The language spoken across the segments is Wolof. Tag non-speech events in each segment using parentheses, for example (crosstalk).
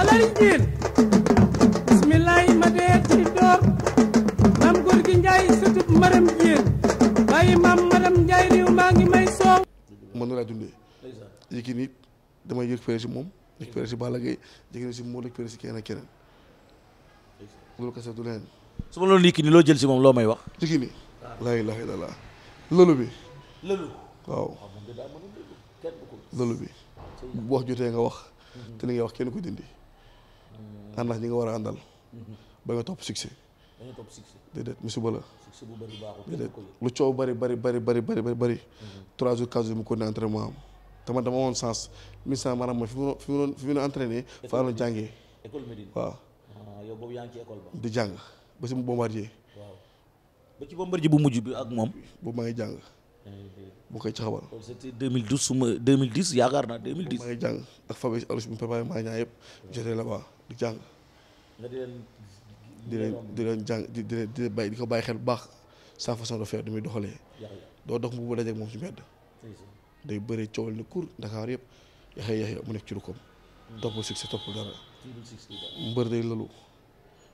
ma lay jiin bismillaay ma dee ci door moom récupéré si Balla Gaye yëkki si moom récupéré si loolu loo jël si moom loo may wax yëkki ni laa ilaaha illallaah bi waaw loolu ah, bi bu wax jotee nga wax te li ngay wax kenn ko dindi àndax ñi nga war a àndal ba nga topp succès da nga topp succès déedéet musiba la succès bu bëri baaxul déedéet lu coow bëri bëri bëri bëri bëri bëri bëri mhm. trois jours quatre jours mu ko ne entraînement am dama dama woon sens misan maanaam mooy fi mu fi mu doon fi mu doon entraîné fa la doon ah, di jàng ba si mu bombardier waaw ba ci bombardier bu mujj bi ak moom boobu maa ngi jàng eh, eh. mu koy caxabal. c'était 2012 su ma yaakaar naa 2010. maa ngi jàng ak Fabrice Arouche bi mu préparé maa ñaa yëpp jotee là-bas du jàll. nga di leen di leen di leen jàng di di leen di leen bàyyi di ko bàyyi xel bu baax sa façon de faire du muy doxalee. doo dox mu bu dajeeg moom ci mbedd. day bëree coowal ni kur Dakar yëpp yaxee yaxee mu nekk ci rukom. toppul succès toppul dara. mbër day lalu.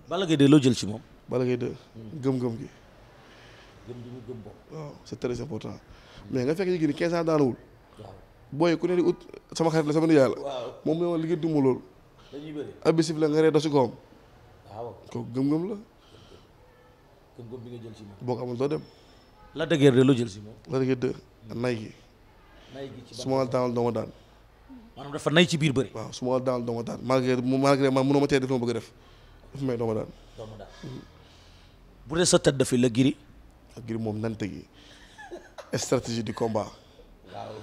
Balla Gaye de loo jël ci moom. Balla de hmm. gëm-gëm gi. waaw c'est très important mais nga fekk yéegi ni 15 ans daanuwul. booy ku ne di ut sama xarit la sama nijaay la. waaw moom la ma liggéey du ma dañuy bëri ah, abisif la ngare ree dasu ah, ko waaw kooku gëm-gëm la. gëm-gëm bi nga jël si moom. boo amul doo dem. la dëgër de lu jël si moom. la dëgër de nay gi. nay gi ci su ma la daanal doo ma daan. maanaam dafa nay ci biir bëri. waaw su ma do daanal doo ma daan malgré malgré man mënoo ma tee def mo bëgg a def daf may do ma daan. do ma daan mhm. bu re sa tët dafay la giri. la giri mom nante gi stratégie du combat. waaw.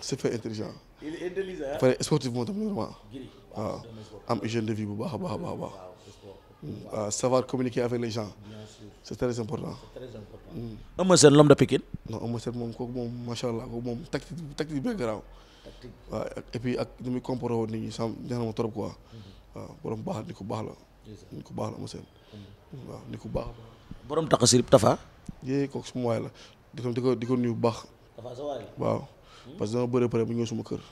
c'est fait intelligent. il est intelligent. Hein? sportif mo tam normal giri. Ah. am hygiène de vie bu baax a baax a baax a baax hmm. ah, avec les gens c' important. Hmm. Eumeu Sène de Pikine. non Eumeu Sène moom kooku moom macha allah kooku moom tactique tactique bi garaaw waaw et puis ak ni muy ma trop quoi mm-hmm. waaw borom baax ni ko baax la. ni ko baax la Eumeu Sène mm-hmm. waaw ni ko baax la. borom tax a sirib Tafa. yee kooku suma waay la di ko di bu baax. Tafa sa waay hmm? pare mu ñëw suma kër.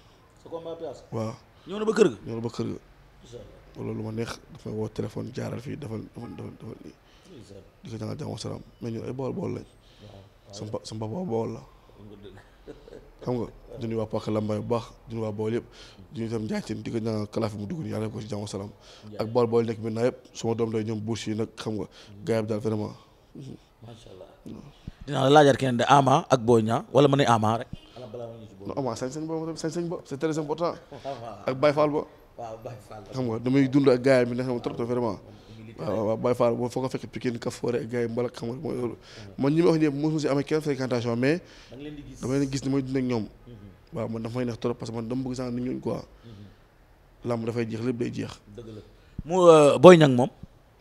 waaw. ñëw na ba kër ga. ñëw na ba kër ga. wala lu ma neex dafa woo téléphone jaaral fii defal defal defal lii. di ko jàngal salaam mais ñun ay bool bool lañ. sam sa mbaa bool la. xam nga du ñu waa Pàkk Lambaay bu baax du ñu bool yëpp du ñu tam njaayteen di ko ñaanal kalaaf mu dugg yàlla ko ci jàmm salaam ak bool bool nekk bi naa yëpp suma doom day ñoom bourse yi nag xam nga gaayam daal vraiment. macha allah mm-hmm. dinaa la laajar keneen de Ama ak Boy Niang wala ma ne Ama non ama sañ-sañ boobu tamit sañ-sañ boobu c'est très important (laughs) ak Baye Fall ba xam nga damay dund ak gaayam bi nga xam ne trop vraiment waaw waaw Baye Fall boo foo ko fekk Pikine Kafoore ak gars yi xam nga mooy mm-hmm. man ñi ma wax ñëpp mosuma si amee kenn fréquentation mais dama leen gis ni may dund ñoom mm-hmm. waaw man dafa may neex trop parce man dama bëgg sax nit ñooñu quoi mm-hmm. làmb dafay jeex lépp day jeex mu euh, Boy Niang moom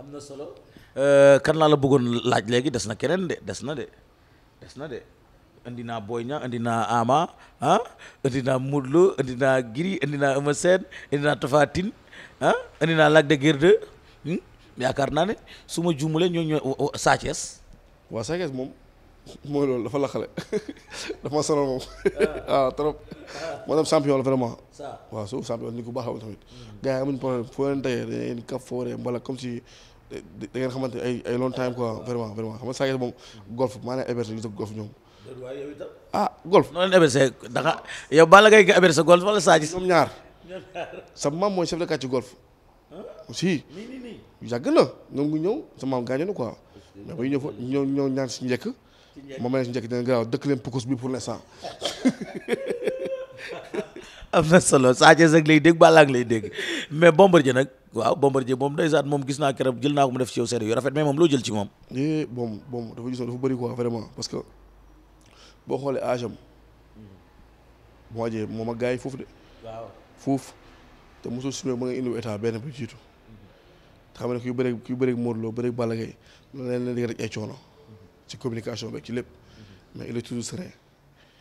am na solo euh, kan laa la bëggoon laaj léegi des na keneen de des na de des na de indi naa Boy Niang Ama ah indi naa Modou Lo indi naa Gris indi naa Eumeu Sène indi naa Tapha Tine ah indi naa Lac de hmm? yaakaar naa ne su ma juumalee ñoo ñoo waa Sa moom mooy loolu dafa laxale (laughs) dafa ma sonal moom ah, ah trop ah. moo dem champion su champion ni ku baax la tamit hmm. gars yi amuñu problème foo leen tayee da da ngeen xamante ay ay long time quoi vraiment vraiment xam saa moom golf ñaar sa maam mooy chef de quartier golf aussi yàgg ñoom ñëw sa maam gaañu na quoi mais ba ñu ñëw ñëw ñëw si njëkk moom la ñu njëkk dina gaaw dëkk leen pukus bi pour l'instant. (laughs) am na solo Sa Thiès ak lay dégg Balla lay dégg mais Bombardier nag waaw Bombardier moom ndeysaan moom gis naa keroog jël naa mu def ci yu rafet mais moom loo jël ci moom. eh bon bon dafa gis dafa bëri quoi vraiment parce que boo xoolee âge moo hmm. jee moom ak gars yi foofu de. waaw foofu te mosul suñu mën nga indi état benn bi jiitu. Hmm. te xam ne kuy bëreeg kuy bëreeg Modou Lo bëreeg Balla Gaye loolu leen leen di rek ay ci communication beeg ci lépp mais il est toujours serein.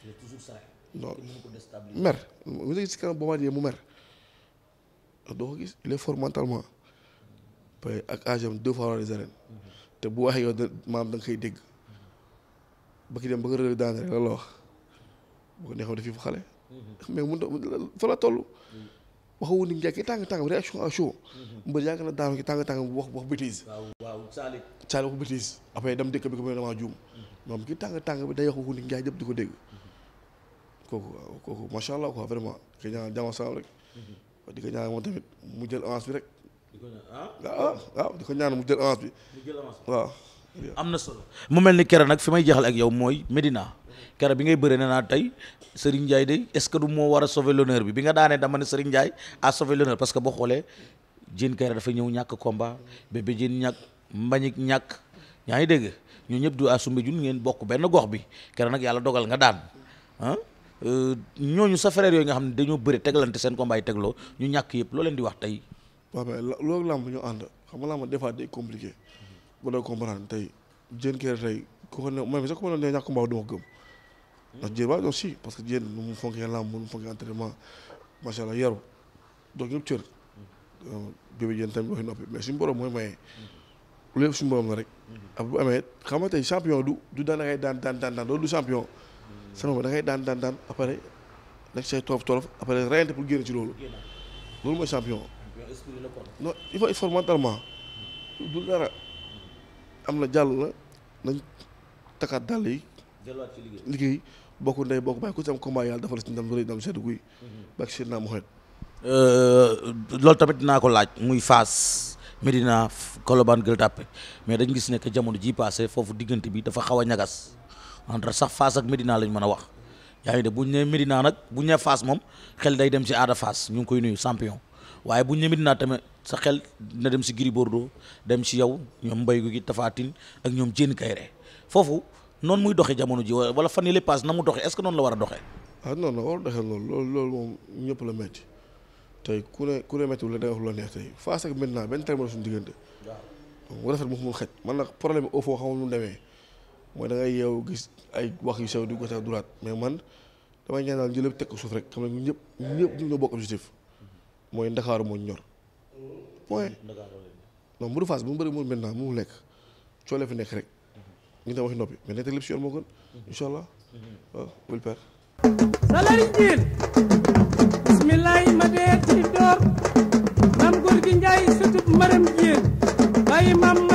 il est toujours serein. non mer nga mu mer ah, doo ko gis il est fort mentalement pare ak agent deux fois les arènes te bu waxee yow maam da nga dégg ba ki dem ba nga rëdd daan rek la wax bu ko neexoon daf fi xale mm-hmm. mais mun fa la waxuñu ni njëkk tàng tàng réaction à chaud. mbër yàgg na daanu ci tàng tàng wax wax bêtise. waaw waaw Salick. Salick wax bêtise après dem dëkk bi ko mën damaa juum. moom ci tàng tàng bi day wax waxuñu njaay ñëpp di ko dégg. kooku kooku macha allah ko ñaan jàmm di ko ñaan moom tamit mu jël avance bi rek. di ko ñaan ah? Ah, ah, mu jël avance bi waaw. am na solo mu mel ni kera nag fi may jeexal ak yow mooy Medina kera bi ngay bëri nee naa tey Serigne Ndiaye de est-ce que du moo war a sauver l'honneur bi bi nga daanee dama ne Serigne Ndiaye a sauver l'honneur parce que boo xoolee Diène Kaïré dafa ñëw ñàkk komba Bébé Diène ñàkk Mbagnick ñàkk yaa ngi dégg ñoo ñëpp du asumbe jun ngeen bokk benn gox bi kera nag yàlla dogal nga daan ah euh, ñooñu sa frère yooyu nga xam ne dañoo bëri teglante seen combat yi tegloo ñu ñàkk yëpp loo leen di wax tey. waaw ñu ànd xam nga làmb des fois day compliqué. ba doon comprendre tey Diène Kairé tey ku ko ne mooy sax ku ma doon nee ñàkk mbaaw du ma gëm. ndax Diène waaw aussi parce que Diène nu mu fonkee làmb nu mu fonkee entraînement macha allah yaru donc ñëpp cër. Euh, bébé Diène tamit waxi noppi mais suñu borom mooy maye. lu yëpp suñu borom la rek. ak bu amee xam nga tey champion du du daan da ngay daan daan daan daan loolu du champion. sama bopp da ngay daan daan daan après nekk say torof torof après reyante pour génn ci loolu. loolu mooy champion. il faut il faut du dara. am na jàll na nañ takkaat dal yi. jëlaat ci liggéey liggéey bokku ndey bokku bay ku ci am combat dafa la ci ndam lu ndam sedd guy. Mhm. bak si naa Mohamed. Euh, lol tamit nako laaj muy fas, Medina koloban gel tapé mais dañ gis ne ke jamono ji passé fofu digënté bi dafa xawa ñagas entre sax fas ak Medina lañ mëna wax yaay de buñ ñu Medina nak buñ ñu fas mom xel day dem ci ada fas ñu koy nuyu champion. waaye bu ñu limit naa tamit sa xel na dem si Gris Bordeaux dem si yow ñoom mbay gu gi tafaatin ak ñoom jéen kayre foofu noonu muy doxee jamono ji wala fan yële paas na mu doxee est-ce que noonu la war a doxee. ah non non war a doxee loolu ñëpp la métti tey ku ne ku ne métti la day wax lu la neex tey Fass ak maintenant benn terme la suñu diggante. waaw mu rafet mu xamul man na problème bi au fond xamul nu mu demee mooy da ngay yeew gis ay wax yu sew di gauche ak mais man damay ñaan daal ñu lépp teg suuf rek xam ne ñëpp ñëpp ñu ngi bokk objectif. mooy ndakaaru moo ñor point non Modou Fass bu mu bëri moom maintenant mu lekk coolee fi nekk rek ñu ngi waxi noppi mais nañ teg lépp si moo gën incha allah waaw wul per salari jiin bismillahi ma dee ci door maam góor gi njaay sëtub maram jiin bàyyi maam